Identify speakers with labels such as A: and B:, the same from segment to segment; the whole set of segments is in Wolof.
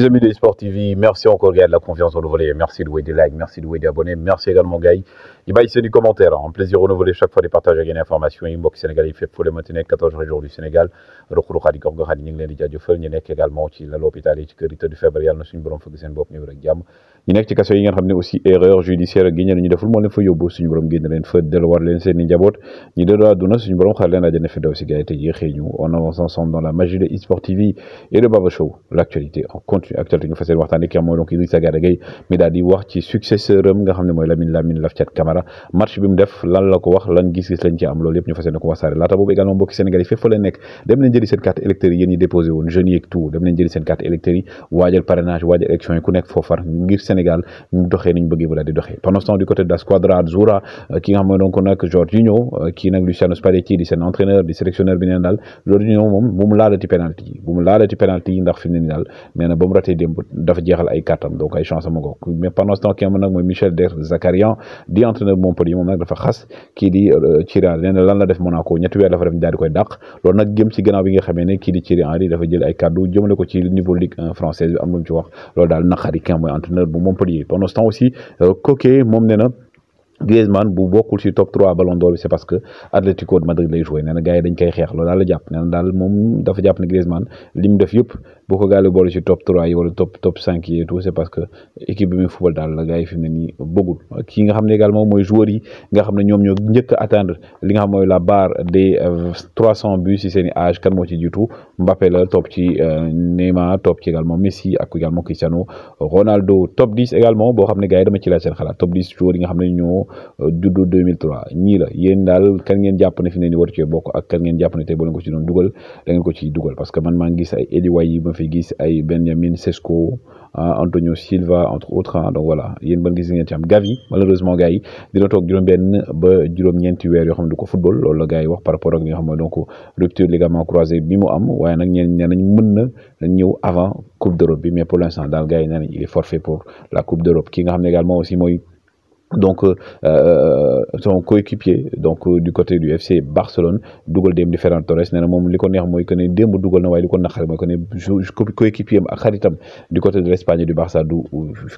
A: Les amis de Sport TV, merci encore gars de la confiance renouvelée, merci de des likes, merci de des abonnés, merci également gars. Et bah ici du commentaire. Hein. un plaisir renouvelé chaque fois de partager des information. inbox Sénégal, il fait pour le maintenir 14 jours du Sénégal. Rokuru Khadi Gorgo Khadi ñu ngi leen di jaajëfal ñu également ci l'hôpital yi ci du yi février. feebar yàlla na suñu borom fëgg seen bopp ñu rek jàmm. Ñu nekk ci yi aussi erreur judiciaire gi ñeen ñu deful moo leen fa yóbbu suñu borom génn leen fa delluwaat leen seen i njaboot ñu dëddu àdduna suñu borom xaar leen àjjana fi daw si gars yi on avance ensemble dans la magie de Sport TV et le Baba Show l'actualité en continu actualité ñu fassé yéene waxtaanee ki mooy donc Idrissa Gana Gueye mi daal di wax ci successeur am nga xam ne mooy Lamine Lamine Laftiat Camara match bi mu def lan la ko wax lan gis-gis lañ ci am loolu yépp ñu fassé yéene ko wasaare laata boobu également mbokki Sénégal yi fépp la leen dem nañ jëli seen carte électeurs yi ñi déposé woon jeunes yi ak tout dem nañ jëli seen carte électeurs yi waajal parrainage waajal élection yi ku nekk foofar ngir Sénégal ñu doxé ñu bëggee bu daal di doxé pendant ce temps du côté de la squadra Azzurra euh, ki nga xam donc nak Jorginho euh, ki nak Luciano Spalletti di seen entraîneur di sélectionneur bi neen daal Jorginho moom bu mu laalati penalty bu mu laalati penalty ndax fi mu ni dal nee na mu ratee démb dafa jeexal ay kàttam donc ay chance ama mais pendant ce temps ki nga nag mooy Michel Der Zakarian di entraîneur Montpellier moom nag dafa xas kii di euh, Thierry Henry nee na lan la def Monaco ñetti weer dafa def ñu daal di koy dàq loolu nag jëm ci gannaaw bi nga xamee ne kii di Thierry Henry dafa jël ay kàddu jëmale ko ci niveau Ligue 1 française bi am lu mu ci wax loolu daal naqari ki nga mooy entraîneur bu Montpellier pendant ce temps aussi Coquet euh, moom nee na Griezmann bu bokul ci top 3 ballon d'or c'est parce que Atletico de Madrid lay joué nee gaay gars dañ koy xeex loolu daal la japp nee dal mom dafa japp ni Griezmann Lim def yëpp bu ko gaalee boole ci top 3 yi wala top top 5 yi et tout c'est parce que équipe bi football dal la gaay fi mu bëggul ki nga xamné ne également moy joueur yi nga xamné ñom ñoo ñëk atteindre li nga moy la barre des 300 euh, buts ci seen âge kan mo ci jitu Mbappé la top ci euh, Neymar top ci également Messi ak également Cristiano Ronaldo top 10 également bo xamné gaay gars dama ci la seen xala top 10 joueur yi nga xamné ñoo dudu 2003 ñi la yeen dal kan ngeen japp ne fi ne ni war cee bokk ak kan ngeen japp ne tey bo leen ko ci doon duggal da ngeen ko ci duggal parce que man ma ngi gis ay Eliway yi ma fi gis ay Benjamin Sesko ah, Antonio Silva entre autres ah, donc voilà yeen ban gis ngeen ci am Gavi malheureusement gars yi dina tok juroom ben ba juroom ñeenti wër yo xam ne du ko football loolu la gars yi wax par rapport ak li nga xam donc rupture ligament croisé bi mu am waye nak ñeen nee nañ mën na avant Coupe d'Europe bi mais pour l'instant dal gars yi nee nañ il est forfait pour la Coupe d'Europe ki nga xam ne également aussi moy donc euh, euh, son coéquipier donc euh, du côté du FC Barcelone Douglas dem di Torres nee na moom neex moy que ne démb dugal na way liko ko moy que coéquipier am ak xaritam du côté de l'Espagne du Barça du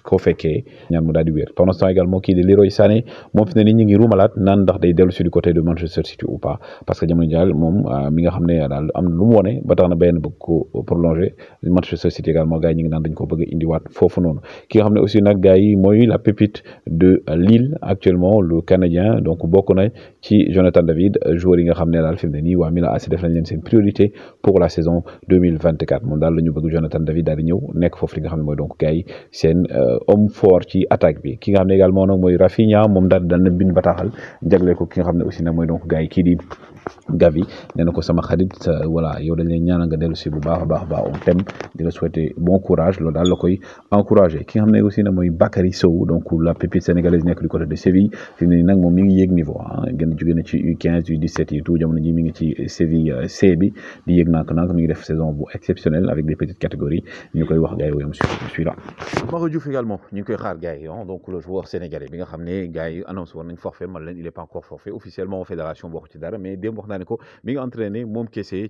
A: ko fekkee ñaan mu di pendant ce temps également ki di Leroy Sané mom fi né ñi ngi rumalat nan ndax day délu si du côté de Manchester City ou pas parce que jamono dial mom mi nga xamné dal am lu woné ba tax na ben bëgg ko prolonger Manchester City également gars yi ñu ngi naan dañ ko bëgg indi indiwaat fofu non ki nga xamné aussi nak gaay yi moy la pépite de Lille actuellement le Canadien donc bokk qui ci Jonathan David joueur yi nga xamné dal daal fi wa Milan AC def nañ leen seen priorité pour la saison 2024 mon dal la ñu bëgg Jonathan David dal di ñëw nekk li nga xamné moy donc gars euh, homme fort ci attaque bi ki nga xamné également nak moy Rafinha mon dal daan na bind bataxal jagleel ko ki nga xamné aussi nak moy donc gars yi di Gavi nee ko sama voilà yow dañ ñaanal nga delu ci bu baax baax on t'aime souhaiter bon courage loolu dal la koy ki aussi Bakary Sow donc la pépite sénégalaise du côté de Séville mi niveau ah, gën na ci 15 17 yi tout mi ngi ci Séville euh, C saison exceptionnelle avec des petites catégories ñu wax également koy ah, donc le joueur sénégalais bi nga forfait il pas encore forfait officiellement fédération ci dara mais wax ne ko mi ngi entraîné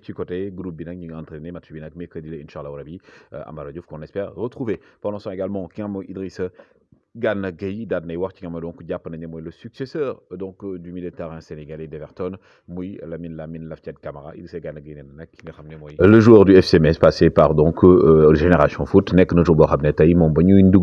A: ci côté groupe bi nag ñi ngi entraîné match bi la euh, qu'on espère retrouver pendant également Gana Gueye daan nay wax ci nga donc jàpp nañ ne le successeur donc du milieu terrain sénégalais d'Everton Mouy Lamine Lamine Laftiat Camara Idrissa Gana Gueye nee na ki nga le joueur du FC passé par donc Génération Foot Nek notre joueur boo xam ne tey moom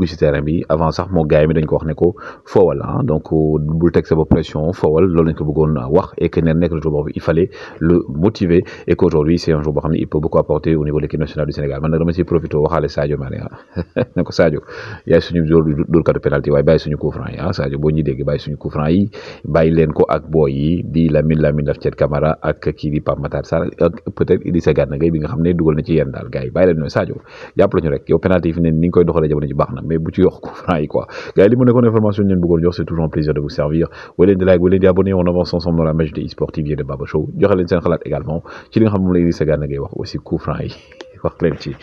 A: ci terrain bi avant sax moo gaay mi dañ ko wax ne ko fowal donc bul texte sa pression fowal loolu lañ ko wax et que Nek nekk joueur il fallait le motiver et qu'aujourd'hui c'est un joueur boo il peut beaucoup apporter au niveau de l'équipe nationale du Sénégal man nag dama ciy profité waxaale Sadio Mané ah ne ko Sadio yaay suñu joueur dóorkatu penalty bye bye, suñu coup franc yi ah Sadio boo ñuy dégg bàyyi suñu coup franc yi bàyyi leen ko ak boy yi di Lamine Lamine daf Thiat Camara ak kii di Pape Matar ak peut-être Idrissa Gana Gueye bi nga xamné ne na ci yenn dal gars yi bàyyi leen ñooy Sadio jàppale ñu rek yow penalty yi fi ne ni nga koy doxale jamono ci baxna mais bu ci yox coup franc yi quoi gars yi li mu nekkoon information ñeen bëggoon jox c'est toujours un plaisir de vous servir way leen di like way leen di abonné on avance ensemble dans la match des e et de Baba Show joxe seen xalaat également ci li nga xam moom la Idrissa Gana wax aussi coup franc yi wax leen ci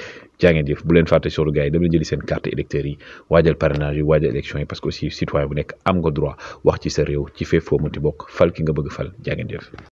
A: jaa ngeen jëf bu leen fàtte solu gars yi dem leen jëli seen carte électeurs yi waajal parrainage yi waajal élection yi parce que aussi citoyen bu nekk am nga droit wax ci sa réew ci fépp foo mënti bokk fal ki nga bëgg fal jaa ngeen jëf